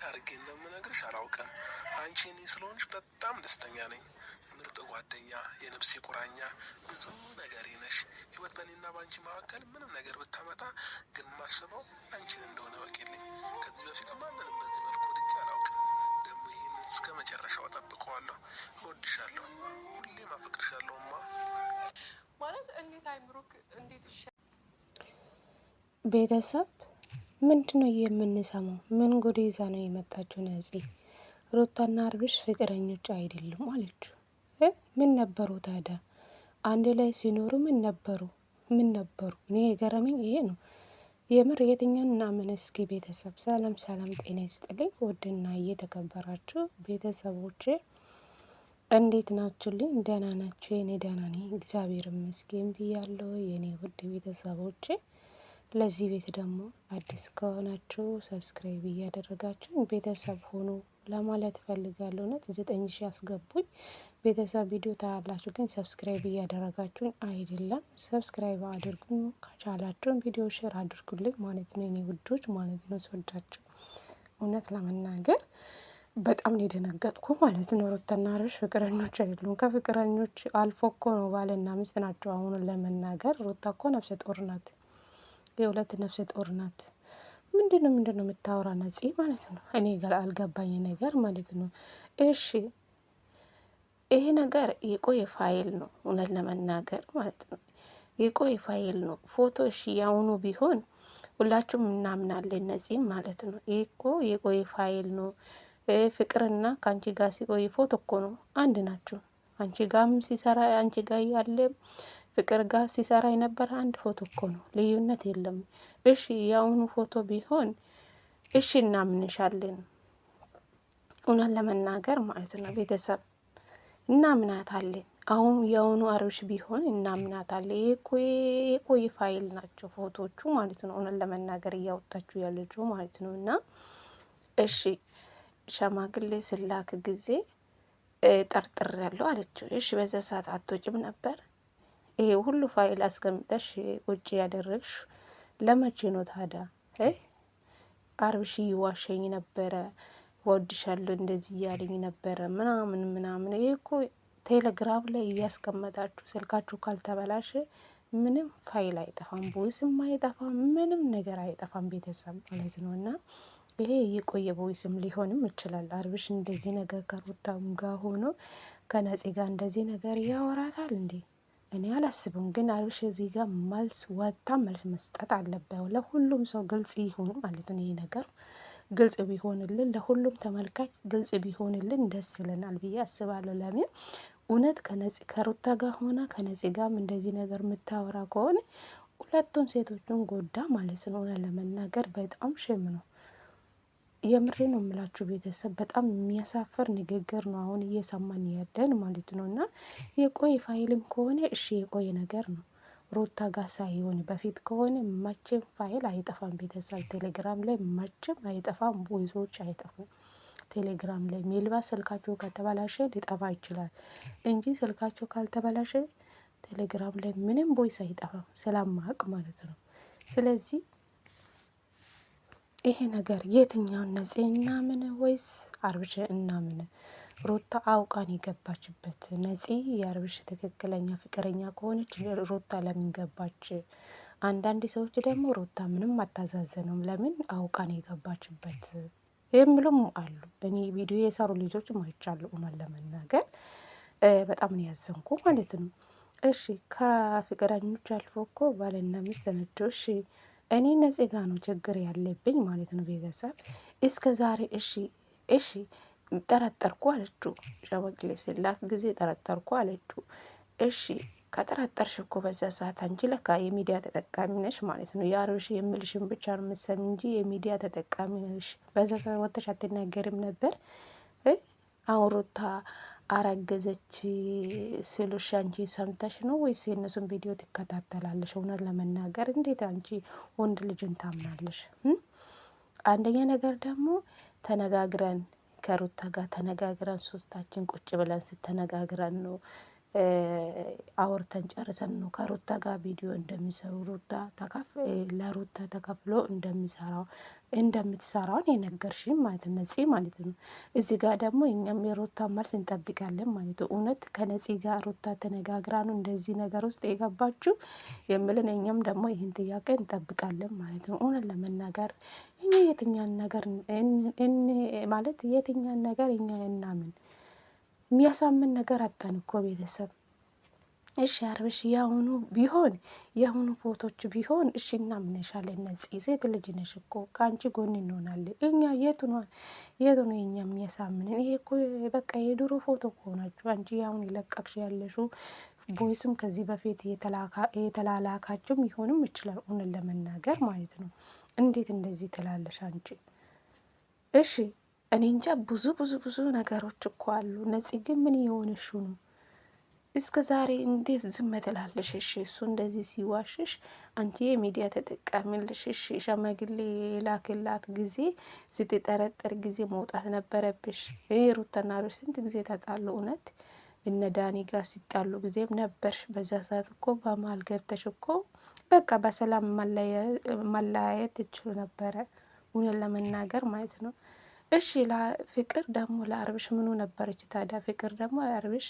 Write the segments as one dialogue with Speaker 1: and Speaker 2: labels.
Speaker 1: እንዴት አድርጌ እንደምነግርሽ አላውቅም። አንቺ እኔ ስለሆንሽ በጣም ደስተኛ ነኝ። ምርጥ ጓደኛ፣ የነፍሴ ቁራኛ፣ ብዙ ነገሬ ነሽ። ህይወት በእኔና በአንቺ መካከል ምንም ነገር ብታመጣ ግን ማስበው አንቺን እንደሆነ በቂልኝ። ከዚህ በፊት ማንንም በዚህ መልኩ ወድጄ አላውቅም። ደግሞ ይህንን እስከ መጨረሻው ጠብቀዋለሁ። እወድሻለሁ፣ ሁሌም ማ ማለት እንዴት አይምሩክ
Speaker 2: እንዴት ቤተሰብ ምንድን ነው የምንሰማው? ምን ጉድ ይዛ ነው የመጣችው? ነፂ ሩታና አብርሽ ፍቅረኞች አይደሉም አለችው። ምን ነበሩ ታዲያ? አንድ ላይ ሲኖሩ ምን ነበሩ? ምን ነበሩ? እኔ የገረመኝ ይሄ ነው። የምር የትኛውን እናምን? እስኪ ቤተሰብ ሰላም ሰላም፣ ጤና ይስጥልኝ ውድና እየተከበራችሁ ቤተሰቦቼ እንዴት ናችሁልኝ? ደህና ናችሁ? የኔ ደህና ነኝ፣ እግዚአብሔር ይመስገን ብያለሁ የኔ ውድ ቤተሰቦቼ ለዚህ ቤት ደግሞ አዲስ ከሆናችሁ ሰብስክራይብ እያደረጋችሁ ቤተሰብ ሆኑ ለማለት እፈልጋለሁ። እውነት ዘጠኝ ሺህ አስገቡኝ። ቤተሰብ ቪዲዮ ታያላችሁ፣ ግን ሰብስክራይብ እያደረጋችሁኝ አይደለም። ሰብስክራይብ አድርጉኝ፣ ከቻላችሁን ቪዲዮ ሼር አድርጉልኝ ማለት ነው። እኔ ውዶች ማለት ነው ስወዳችሁ እውነት ለመናገር በጣም ነው የደነገጥኩ ማለት ነው። ሩትና አብርሽ ፍቅረኞች አይደሉም። ከፍቅረኞች አልፎ እኮ ነው ባልና ሚስት ናቸው። አሁን ለመናገር ሩታ እኮ ነፍሰ ጡር ናት። የሁለት ነፍሰ ጡር ናት። ምንድነው ምንድነው የምታወራ ነፂ ማለት ነው። እኔ ጋር አልገባኝ ነገር ማለት ነው። እሺ ይሄ ነገር የቆየ ፋይል ነው እውነት ለመናገር ማለት ነው። የቆየ ፋይል ነው ፎቶ እሺ ያውኑ ቢሆን ሁላችሁም እናምናለን ነፂም ማለት ነው። ይህ እኮ የቆየ ፋይል ነው። ፍቅርና ከአንቺ ጋር ሲቆይ ፎቶ እኮ ነው አንድ ናቸው። አንቺ ጋም ሲሰራ አንቺ ጋር ያለ ፍቅር ጋር ሲሰራ የነበረ አንድ ፎቶ እኮ ነው፣ ልዩነት የለም። እሺ የአሁኑ ፎቶ ቢሆን እሺ እናምንሻለን። እውነት ለመናገር ማለት ነው ቤተሰብ እናምናታለን። አሁን የአሁኑ አብርሽ ቢሆን እናምናታለን። የቆይ ፋይል ናቸው ፎቶቹ ማለት ነው። እውነት ለመናገር እያወጣችሁ ያለችው ማለት ነው። እና እሺ ሸማግሌ ስላክ ጊዜ ጠርጥር ያለው አለችው። እሺ በዛ ሰዓት አትወጭም ነበር ይሄ ሁሉ ፋይል አስቀምጠሽ ቁጭ ያደረግሽ ለመቼ ነው ታዲያ? አርብሽ ይዋሸኝ ነበረ፣ ወድሻለሁ እንደዚህ እያለኝ ነበረ ምናምን ምናምን። ይሄ እኮ ቴሌግራም ላይ እያስቀመጣችሁ ስልካችሁ ካልተበላሸ ምንም ፋይል አይጠፋም፣ ቦይስም አይጠፋም፣ ምንም ነገር አይጠፋም። ቤተሰብ ማለት ነው እና ይሄ የቆየ ቦይስም ሊሆንም ይችላል። አርብሽ እንደዚህ ነገር ከሩታም ጋር ሆኖ ከነፂ ጋር እንደዚህ ነገር ያወራታል እንዴ? እኔ አላስብም። ግን አብርሽ እዚህ ጋር መልስ ወጣ መልስ መስጠት አለበት። ለሁሉም ሰው ግልጽ ይሁን ማለት ነው። ይህ ነገር ግልጽ ቢሆንልን ለሁሉም ተመልካች ግልጽ ቢሆንልን ደስ ይለናል ብዬ አስባለሁ። ለምን እውነት ከነጽ ከሩታ ጋር ሆና ከነጽ ጋርም እንደዚህ ነገር የምታወራ ከሆነ ሁለቱም ሴቶቹን ጎዳ ማለት ነው። ለመናገር በጣም ሽም ነው። የምሬ ነው የምላችሁ ቤተሰብ በጣም የሚያሳፍር ንግግር ነው አሁን እየሰማን ያለን ማለት ነው። እና የቆየ ፋይልም ከሆነ እሺ የቆየ ነገር ነው። ሩታ ጋር ሳይሆን በፊት ከሆነ መቼም ፋይል አይጠፋም። ቤተሰብ ቴሌግራም ላይ መቼም አይጠፋም፣ ቦይሶች አይጠፉም። ቴሌግራም ላይ ሜልባት ስልካቸው ከተበላሸ ሊጠፋ ይችላል እንጂ ስልካቸው ካልተበላሸ ቴሌግራም ላይ ምንም ቦይስ አይጠፋም፣ ስለማቅ ማለት ነው። ስለዚህ ይሄ ነገር የትኛው ነጽ እናምን ወይስ አብርሽ እናምን? ሩታ አውቃን የገባችበት ነጽ የአብርሽ ትክክለኛ ፍቅረኛ ከሆነች ሩታ ለምን ገባች? አንዳንድ ሰዎች ደግሞ ሩታ ምንም አታዛዘንም፣ ለምን አውቃን የገባችበት የሚሉም አሉ። እኔ ቪዲዮ የሰሩ ልጆች ማይቻሉ እውነት ለመናገር በጣም ነው ያዘንኩ ማለት ነው። እሺ ከፍቅረኞች አልፎ እኮ ባልና ሚስት ናቸው። እሺ እኔ ነጽ ጋ ነው ችግር ያለብኝ ማለት ነው። ቤተሰብ እስከ ዛሬ እሺ እሺ ጠረጠርኩ አለችው። ሸመግሌ ስላክ ጊዜ ጠረጠርኩ አለችው። እሺ ከጠረጠርሽ እኮ በዛ ሰዓት አንቺ ለካ የሚዲያ ተጠቃሚ ነሽ ማለት ነው። የአብርሽ የምልሽን ብቻ ነው የምትሰሚ እንጂ የሚዲያ ተጠቃሚ ነሽ። በዛ ሰዓት ወተሽ አትናገርም ነበር አሁን ሩታ አረገዘች ስልሽ አንቺ ሰምተሽ ነው ወይስ የእነሱን ቪዲዮ ትከታተላለሽ? እውነት ለመናገር እንዴት አንቺ ወንድ ልጅን ታምናለሽ? አንደኛ ነገር ደግሞ ተነጋግረን ከሩታ ጋር ተነጋግረን ሶስታችን ቁጭ ብለን ስተነጋግረን ነው አውርተን ጨርሰን ነው ከሩታ ጋር ቪዲዮ እንደሚሰሩ ሩታ ለሩታ ተከፍሎ እንደሚሰራው እንደምትሰራውን የነገርሽን ማለት ነው፣ ነፂ ማለት ነው። እዚ ጋር ደግሞ እኛም የሩታ መልስ እንጠብቃለን ማለት ነው። እውነት ከነፂ ጋር ሩታ ተነጋግራ ነው እንደዚህ ነገር ውስጥ የገባችው የምልን እኛም ደግሞ ይህን ጥያቄ እንጠብቃለን ማለት ነው። እውነት ለመናገር እኛ የትኛን ነገር ማለት የትኛን ነገር እኛ እናምን የሚያሳምን ነገር አጣን እኮ ቤተሰብ። እሺ አርብሽ ያሁኑ ቢሆን የአሁኑ ፎቶች ቢሆን እሺ እናምንሻለን። ነጽ ሴት ልጅ ነሽ እኮ ከአንቺ ጎን እንሆናለን እኛ። የቱ ነው የኛ የሚያሳምንን? ይሄ እኮ በቃ የድሮ ፎቶ ከሆናችሁ አንቺ ያሁን የለቀቅሽ ያለሹ ቦይስም ከዚህ በፊት የተላላካችሁ ሊሆንም ይችላል። እውነት ለመናገር ማለት ነው። እንዴት እንደዚህ ትላለሽ አንቺ? እሺ እኔ እንጃ ብዙ ብዙ ብዙ ነገሮች እኮ አሉ። ነፂ ግን ምን የሆነሽ ነው? እስከ ዛሬ እንዴት ዝም ትላለሽ? እሺ እሱ እንደዚህ ሲዋሽሽ አንቺ የሚዲያ ተጠቃሚ እሺ ሸመግሌ የላክላት ጊዜ ስትጠረጠር ጊዜ መውጣት ነበረብሽ። ሩተናሮች ስንት ጊዜ ተጣሉ? እውነት እነ ዳኒ ጋር ሲጣሉ ጊዜም ነበር። በዛ ሰዓት እኮ በማል ገብተሽ እኮ በቃ በሰላም መለያየት ይችሉ ነበረ። እውነት ለመናገር ማለት ነው እሺ ፍቅር ደግሞ ለአርብሽ ምኑ ነበረች ታዲያ? ፍቅር ደግሞ አርብሽ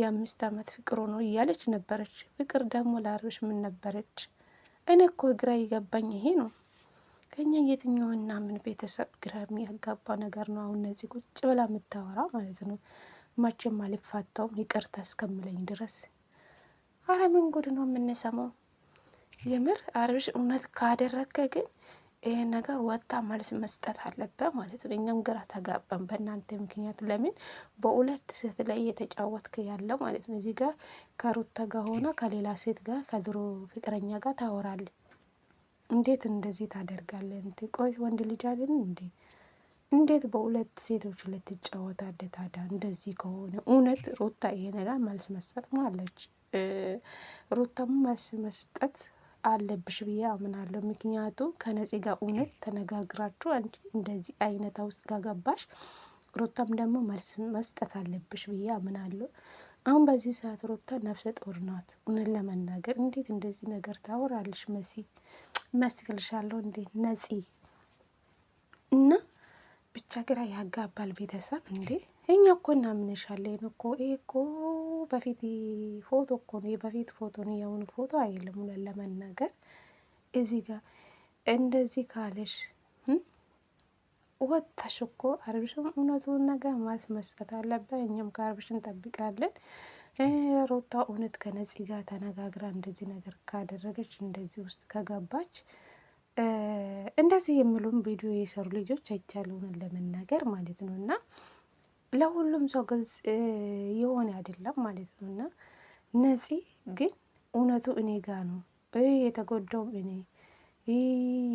Speaker 2: የአምስት ዓመት ፍቅሩ ነው እያለች ነበረች። ፍቅር ደግሞ ለአርብሽ ምን ነበረች? እኔ እኮ ግራ ይገባኝ ይሄ ነው። ከኛ የትኛውና ምን ቤተሰብ ግራ የሚያጋባ ነገር ነው። አሁን እነዚህ ቁጭ ብላ የምታወራ ማለት ነው። ማቼም አልፋታውም ይቅርታ እስከምለኝ ድረስ። አረ ምን ጉድ ነው የምንሰማው? የምር አርብሽ እውነት ካደረከ ግን ይህን ነገር ወጣ መልስ መስጠት አለበት ማለት ነው። እኛም ግራ ተጋባን በእናንተ ምክንያት። ለምን በሁለት ሴት ላይ እየተጫወትክ ያለው ማለት ነው። እዚህ ጋር ከሩታ ጋር ሆነ ከሌላ ሴት ጋር ከድሮ ፍቅረኛ ጋር ታወራለች። እንዴት እንደዚህ ታደርጋለ? እንት ቆይ ወንድ ልጅ አለን እንዴ? እንዴት በሁለት ሴቶች ላይ ትጫወታለህ ታዲያ? እንደዚህ ከሆነ እውነት ሩታ ይሄ ነገር መልስ መስጠት ማለች ሩታም መልስ መስጠት አለብሽ ብዬ አምናለሁ። ምክንያቱም ከነፂ ጋር እውነት ተነጋግራችሁ አንቺ እንደዚህ አይነት ውስጥ ጋገባሽ ሮታም ደግሞ መልስ መስጠት አለብሽ ብዬ አምናለሁ። አሁን በዚህ ሰዓት ሮታ ነፍሰ ጡር ናት። እውነት ለመናገር እንዴት እንደዚህ ነገር ታወራለሽ? መሲ መስክልሻለሁ እንዴ ነፂ እና ብቻ ግራ ያጋባል። ቤተሰብ እንዴ እኛ እኮ እናምንሻለን እኮ ይሄ እኮ በፊት ፎቶ እኮ ነው፣ የበፊት ፎቶ ነው፣ የአሁኑ ፎቶ አይደለም። እውነት ለመናገር እዚህ ጋር እንደዚህ ካለሽ ወታሽ እኮ አብርሽም እውነቱን ነገር ማስመስጠት አለበት። እኛም ከአብርሽን እንጠብቃለን። ሩታ እውነት ከነፂ ጋር ተነጋግራ እንደዚህ ነገር ካደረገች እንደዚህ ውስጥ ከገባች እንደዚህ የሚሉም ቪዲዮ የሰሩ ልጆች አይቻለውን ለመናገር ማለት ነው እና ለሁሉም ሰው ግልጽ የሆነ አይደለም ማለት ነው። እና ነፂ ግን እውነቱ እኔ ጋ ነው። የተጎዳውም እኔ፣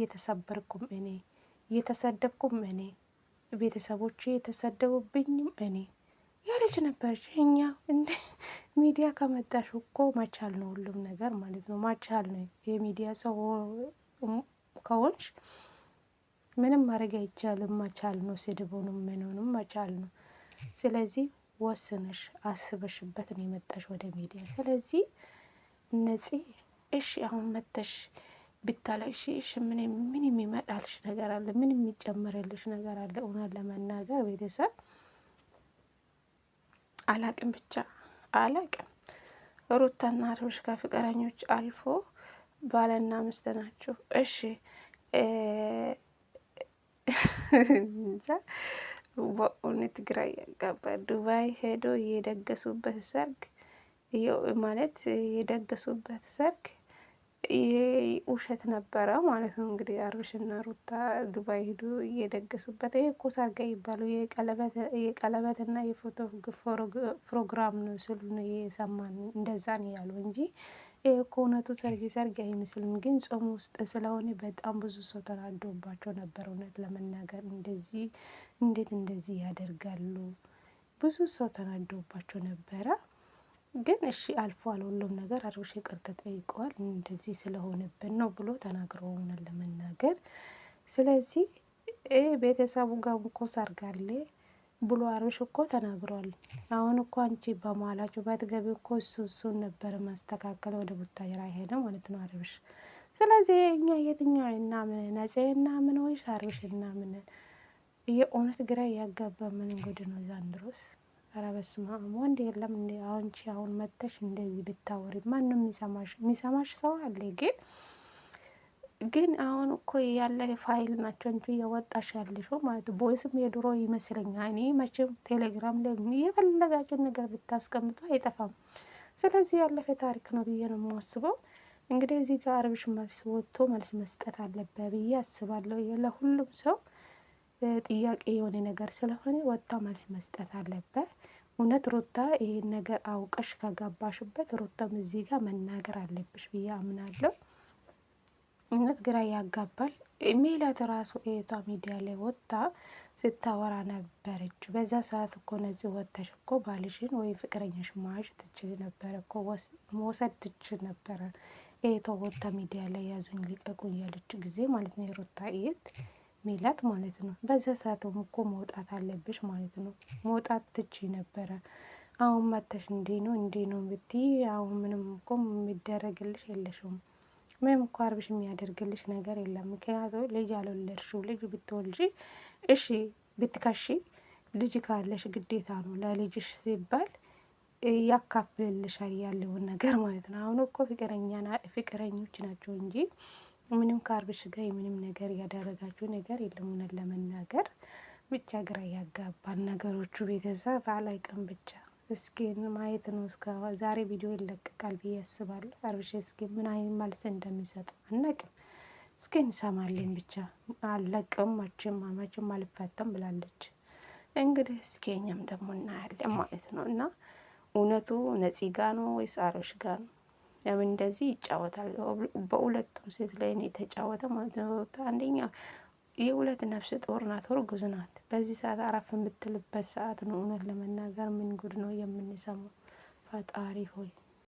Speaker 2: የተሰበርኩም እኔ፣ የተሰደብኩም እኔ፣ ቤተሰቦች የተሰደቡብኝም እኔ ያለች ነበረች። እኛ እንደ ሚዲያ ከመጣሽ እኮ ማቻል ነው ሁሉም ነገር ማለት ነው። ማቻል ነው የሚዲያ ሰው ከሆንሽ ምንም ማድረግ አይቻልም። ማቻል ነው፣ ስድቡንም ምንሆንም ማቻል ነው። ስለዚህ ወስንሽ አስበሽበት ነው የመጣሽ ወደ ሚዲያ። ስለዚህ ነፂ እሺ፣ አሁን መተሽ ብታለቅሽ እሺ፣ ምን ምን የሚመጣልሽ ነገር አለ? ምን የሚጨምርልሽ ነገር አለ? እውነት ለመናገር ቤተሰብ አላቅም፣ ብቻ አላቅም። ሩታና አብርሽ ከፍቅረኞች አልፎ ባለና ሚስት ናችሁ። እሺ በእውነት ትግራይ ያጋባ ዱባይ ሄዶ የደገሱበት ሰርግ ማለት የደገሱበት ሰርግ ውሸት ነበረ ማለት ነው። እንግዲህ አብርሽና ሩታ ዱባይ ሄዶ እየደገሱበት ይሄ እኮ ሰርግ ይባሉ የቀለበትና የፎቶ ፕሮግራም ነው ስሉ ነው የሰማን እንደዛን ያሉ እንጂ ይህ እኮ እውነቱ ሰርግ ሰርግ አይመስልም፣ ግን ጾም ውስጥ ስለሆነ በጣም ብዙ ሰው ተናዶባቸው ነበር። እውነት ለመናገር እንደዚህ እንዴት እንደዚህ ያደርጋሉ? ብዙ ሰው ተናዶባቸው ነበረ። ግን እሺ አልፎ አልሁሉም ነገር አብርሽ ይቅርታ ጠይቀዋል። እንደዚህ ስለሆነብን ነው ብሎ ተናግሮ እውነት ለመናገር ስለዚህ ቤተሰቡ ጋር እኮ ሰርግ አለ ብሎ አብርሽ እኮ ተናግሯል። አሁን እኮ አንቺ በመዋላችሁ በትገቢ እኮ እሱ እሱን ነበር ማስተካከል ወደ ቡታጅራ ሄደ ማለት ነው አብርሽ። ስለዚህ እኛ የትኛው እናምን ነጼ እናምን ወይስ አብርሽ እናምን? የእውነት ግራ ያጋባ ምን ጉድ ነው ዛንድሮስ። ኧረ በስመ አብ ወንድ የለም እንዴ? አንቺ አሁን መተሽ እንደዚህ ብታወሪ ማንም የሚሰማሽ ሰው አለ ግን ግን አሁን እኮ ያለ ፋይል ናቸው እንጂ እየወጣሽ ያለሽው ማለት ቦይስም የድሮ ይመስለኛ። እኔ መቼም ቴሌግራም ላይ የፈለጋችሁን ነገር ብታስቀምጡ አይጠፋም። ስለዚህ ያለፈ ታሪክ ነው ብዬ ነው የማስበው። እንግዲህ እዚህ ጋር አብርሽ መልስ ወጥቶ መልስ መስጠት አለበ ብዬ አስባለሁ። ለሁሉም ሰው ጥያቄ የሆነ ነገር ስለሆነ ወጥታ መልስ መስጠት አለበ። እውነት ሩታ ይህን ነገር አውቀሽ ከገባሽበት ሩታም እዚህ ጋር መናገር አለብሽ ብዬ አምናለሁ። እነት ግራ ያጋባል። ሜላት ራሱ እህቷ ሚዲያ ላይ ወጥታ ስታወራ ነበረች። በዛ ሰዓት እኮ ነዚህ ወጥተሽ እኮ ባልሽን ወይም ፍቅረኛሽ ማሽ ትችል ነበረ እኮ መውሰድ ትችል ነበረ። እህቷ ወጥታ ሚዲያ ላይ ያዙኝ ሊቀቁኝ ያለች ጊዜ ማለት ነው። የሮታ እህት ሜላት ማለት ነው። በዛ ሰዓት እኮ መውጣት አለብሽ ማለት ነው። መውጣት ትች ነበረ። አሁን መተሽ እንዲ ነው እንዲ ነው ብትይ አሁን ምንም እኮ የሚደረግልሽ የለሽም። ምንም እኮ አብርሽ የሚያደርግልሽ ነገር የለም። ምክንያቱ ልጅ አልወለድሽው ልጅ ብትወልጂ እሺ ብትከሺ፣ ልጅ ካለሽ ግዴታ ነው ለልጅሽ ሲባል ያካፍልልሻል ያለውን ነገር ማለት ነው። አሁን እኮ ፍቅረኛ ፍቅረኞች ናቸው እንጂ ምንም ከአብርሽ ጋር ምንም ነገር ያደረጋችሁ ነገር የለም። ለመናገር ብቻ ግራ ያጋባል ነገሮቹ ቤተሰብ አላይቀም ብቻ እስኪ ማየት ነው እስከ ዛሬ ቪዲዮ ይለቀቃል ብዬ አስባለሁ። አብርሽ እስኪ ምን አይነት ማለት እንደሚሰጥ አናቅም። እስኪ እንሰማለን ብቻ። አለቅም መቼም መቼም አልፈታም ብላለች። እንግዲህ እስኪ እኛም ደግሞ እናያለን ማለት ነው እና እውነቱ ነፂ ጋ ነው ወይስ አብርሽ ጋ ነው? ለምን እንደዚህ ይጫወታል? በሁለቱም ሴት ላይ ነው የተጫወተ ማለት ነው። አንደኛ የሁለት ነፍስ ጦር ናት፣ እርጉዝ ናት። በዚህ ሰዓት አረፍ የምትልበት ሰዓት ነው። እውነት ለመናገር ምን ጉድ ነው የምንሰማው? ፈጣሪ ሆይ